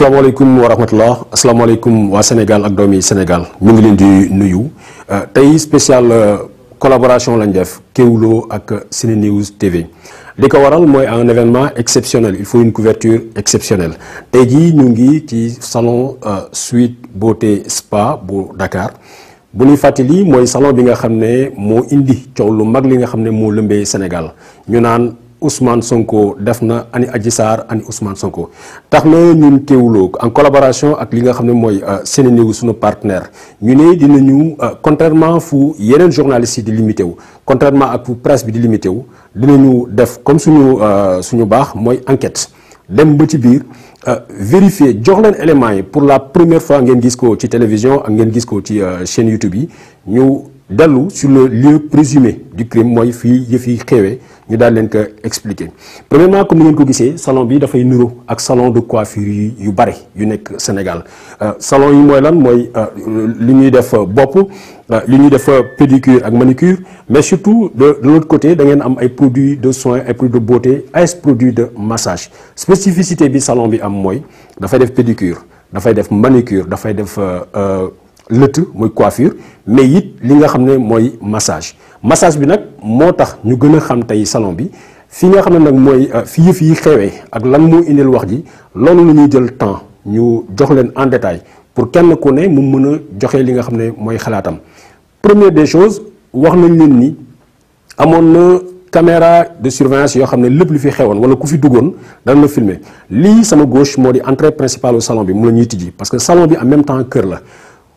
asalaamaaleykum wa rahmatullah asalaamaaleykum wa Sénégal ak domi Sénégal ñu ngi leen di nuyu euh, tey spécial euh, collaboration lañ def kewlo ak Cine News TV li waral moy un événement exceptionnel il faut une couverture exceptionnelle tey jii ñu ngi ci salon euh, Suite Beauté Spa bu Dakar bu ñuy fàttali salon bi nga xamné mo indi ciow lu mag li nga xamné mo senegal Sénégal ñu naan. Ousmane Sonko Defna, ani Adji ani Ousmane Sonko tax sommes en collaboration avec li nga Nous ne mooy euh, Senenews partenaire ñu dinañu euh, contrairement fu les journalistes yi di limité contrairement à la presse bi di limité nous, sommes def comme suñu nous euh, baax une enquête dem ba vérifier jox leen éléments pour la première fois ngeen gis sur ci télévision ak ngeen gis chaîne YouTube nous dellu sur le lieu présumé du crime moi y yëf yi xewee ñu leen ko expliquer premièrement comme vous ngeen ko gisee salon bi dafay nuro salon de coiffure yu bari yu Sénégal euh, salon yi fait lan de euh, li euh, def pédicure ak manucure mais surtout de l'autre côté il y a des produits de soins des produits de beauté des produits de massage spécificité bi salon bi am mooy de pédicure de def manucure de def lëtt mooy coiffure mais it li nga xam ne massage massage bi nak motax ñu gëna xam tay salon bi fi nga xam nak moy mooy euh, fi yëf yi xewee ak lan moo indil wax ji loolu la ñuy jël temps ñu jox leen en détail pour kenn ku ne mu mëna joxé li nga xamné moy mooy xalaatam première des choses wax nañ leen ni amone na caméra de surveillance yo xamné lepp lépp lu fi xewoon wala ku fi duggoon dañ la filmer li sama gauche moo di entrée principale au salon bi mu la ñuy tijji parce que salon bi en même temps cœur la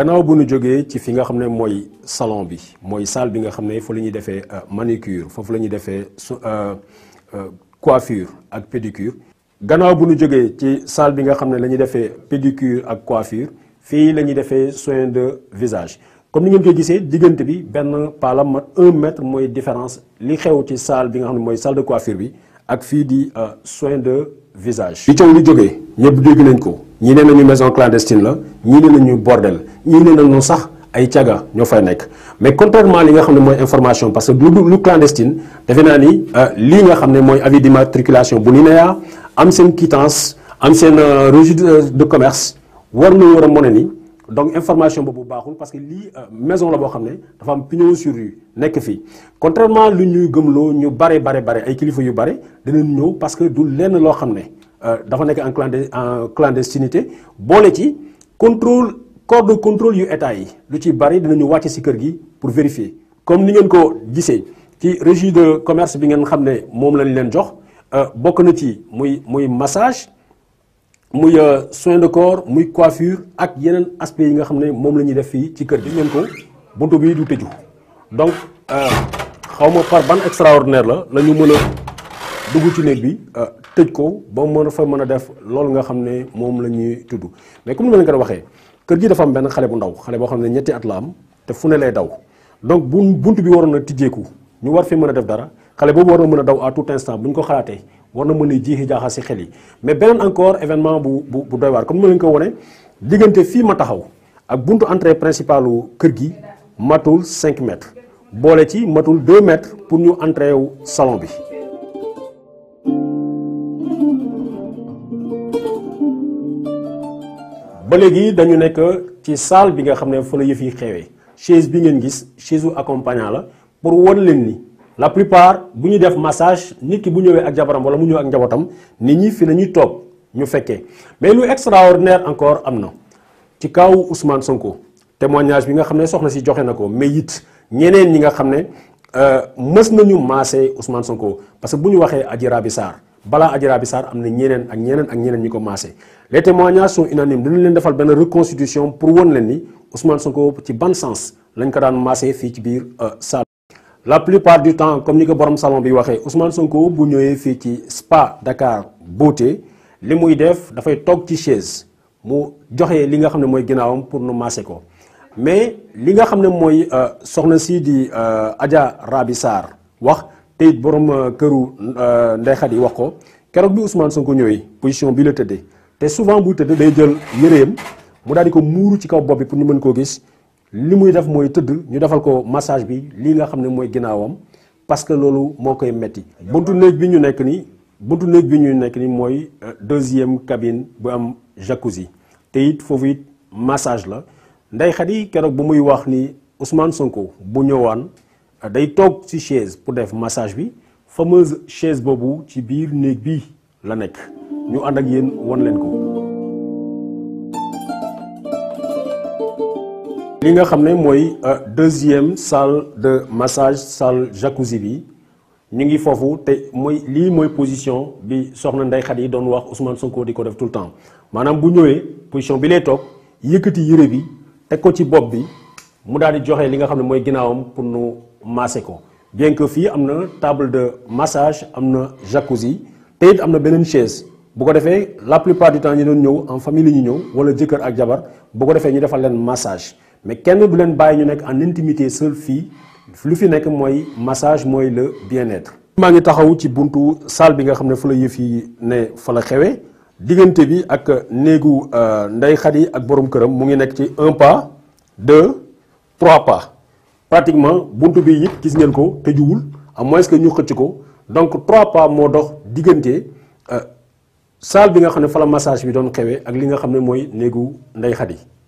gannaaw bu nu jógee ci fi nga xam ne mooy salon bi mooy salle bi nga xam ne fa la ñuy defee euh, manucure foofu la ñuy defee su euh, euh, coiffure ak pédicure. gannaaw bu nu jógee ci salle bi nga xam ne la ñuy defee pédicure ak coiffure fii la ñuy defee soin de visage comme ni ngeen koy gisee diggante bi benn paala mat un mètre mooy différence li xew ci salle bi nga xam ne mooy salle de coiffure bi ak fii di soin de visage. bi coow li jógee ñëpp dégg nañ ko. Nous avons nañu maison clandestine la ñi un nañu bordel ñi avons nañu sax ay mais contrairement li nga information parce que lu clandestine defe naa ni euh, lii nga xam ne mooy avis bu am seen quittance am euh, registre euh, de commerce war na war a ni donc information boobu baaxul parce que lii maison la boo xam dafa am pignon sur rue nekk fii contrairement lu ñuy gëmloo ñu bare bare bare ay kilifa yu bare dinañ ñëw parce que du lenn loo xam euh, dafa nekk en clandé en clandestinité boole ci contrôle corps de contrôle yu état yi lu ci bari dinañu wàcc si kër gi pour vérifier comme ni ngeen ko gisee ci régie de commerce bi ngeen xam ne moom lañ leen jox euh, bokk na ci muy muy massage muy euh, soin de corps muy coiffure ak yeneen aspect yi nga xam ne moom la ñuy def fii ci kër gi ngeen ko buntu bi du tëju donc xaw ma par ban extraordinaire la la ñu mën a dugg ci néeg bi tëj ko ba mën a fa mën a def loolu nga xam ne moom la ñuy tudd mais comme ni ma leen ko waxee kër gi dafa am benn xale bu ndaw xale boo xam ne ñetti at la am te fu ne lay daw donc bu bunt bi waroon a tijjeeku ñu war fi mën a def dara xale boobu war na mën a daw à tout instant bu ñu ko xalaatee war na mën a jiixi jaaxa si xel yi mais beneen encore événement bu bu bu doy waar comme ni ma leen ko wone diggante fii ma taxaw ak buntu entrée principalu kër gi matul 5 mètres boole ci matul 2 pour ñu entrée wu salon bi ba léegi dañu nekk ci salle bi nga xam ne folo la yëf yi xewee chaise bi ngeen gis chaise u accompagnant la pour won leen ni la plupart bu ñu def massage nit ki bu ñëwee ak jabaram wala mu ñëw ak njabootam nit ñi fi la ñuy toog ñu fekkee mais lu extraordinaire encore am na ci kaw Ousmane Sonko témoignage bi nga xam ne soxna si joxe na ko mais it ñeneen ñi nga xam ne euh, mës nañu maase Ousmane Sonko parce que bu ñu waxee Adji Raby Sarr bala Adji Raby Sarr ñeneen ak ñeneen ak ñeneen ñiko ko les témoignages sont unanimes dañu leen defal ben reconstitution pour won leen ni Ousmane Sonko ci ban sens lañ ko daan maase fi ci biir euh, salle la plupart du temps comme ni ko borom salon bi waxé Ousmane Sonko bu ñëwee fi ci Spa Dakar Beauté li muy def fay tok ci chaise mu joxé li nga xamné moy ginaawam pour nu maase ko mais li nga xamné moy mooy euh, soxna si di euh, Adji Raby Sarr wax te it borom euh, këru euh, Ndeye Khady wax ko keroog bi Ousmane Sonko ñoy position bi le teudé té souvent buy tëdd day jël yëreem mu daliko di ci kaw bopp bi pour ñu mën ko gis li muy def moy teud ñu defal ko massage bi li nga xamné moy ginaawam parce que lolu mo koy metti buntu néeg bi ñu nek ni buntu néeg bi ñu nek ni mooy euh, deuxième cabine bu am jacuzzi te it it massage la Ndeye xadi keroog bu muy wax ni Ousmane Sonko bu ñëwaan day tok ci chaise pour def massage bi fameuse chaise boobu ci biir néeg bi la nek ñu and ak yéen won len ko. li nga xam moy mooy euh, deuxième salle de massage salle jacuzzi bi ñu ngi foofu te moy li moy position bi soxna nday Khady yi doon wax Ousmane Sonko diko def tout le temps manam bu ñëwee position bi lay tok yëkëti yére bi teg ko ci bob bi mu daal di joxe li nga xam moy mooy pour nu maase ko bien que fi, amna table de massage amna jacuzzi tayit amna benen chaise bu ko defee la plupart du temps ñu doon ñëw en famille la ñu ñëw wala jëkkër ak jabar bu ko defee ñu defal len massage mais kenn du len bàyyi ñu nek en intimité seul fi, lu fi nek moy massage moy le bien-être. maa ngi taxaw ci buntu salle bi nga xamné ne fa la yëf yi ne fa la xewé digënté bi ak néegu euh, ndey Xadi ak borom kërëm mu ngi nek ci un pas deux trois pas pratiquement buntu bi yit gis ngeen ko tëjuwul à moins que ñu xëcc ko donc trois pas mo dox euh salle bi nga xamné fa la massage bi doon xewé ak li nga xamné moy mooy néegu xadi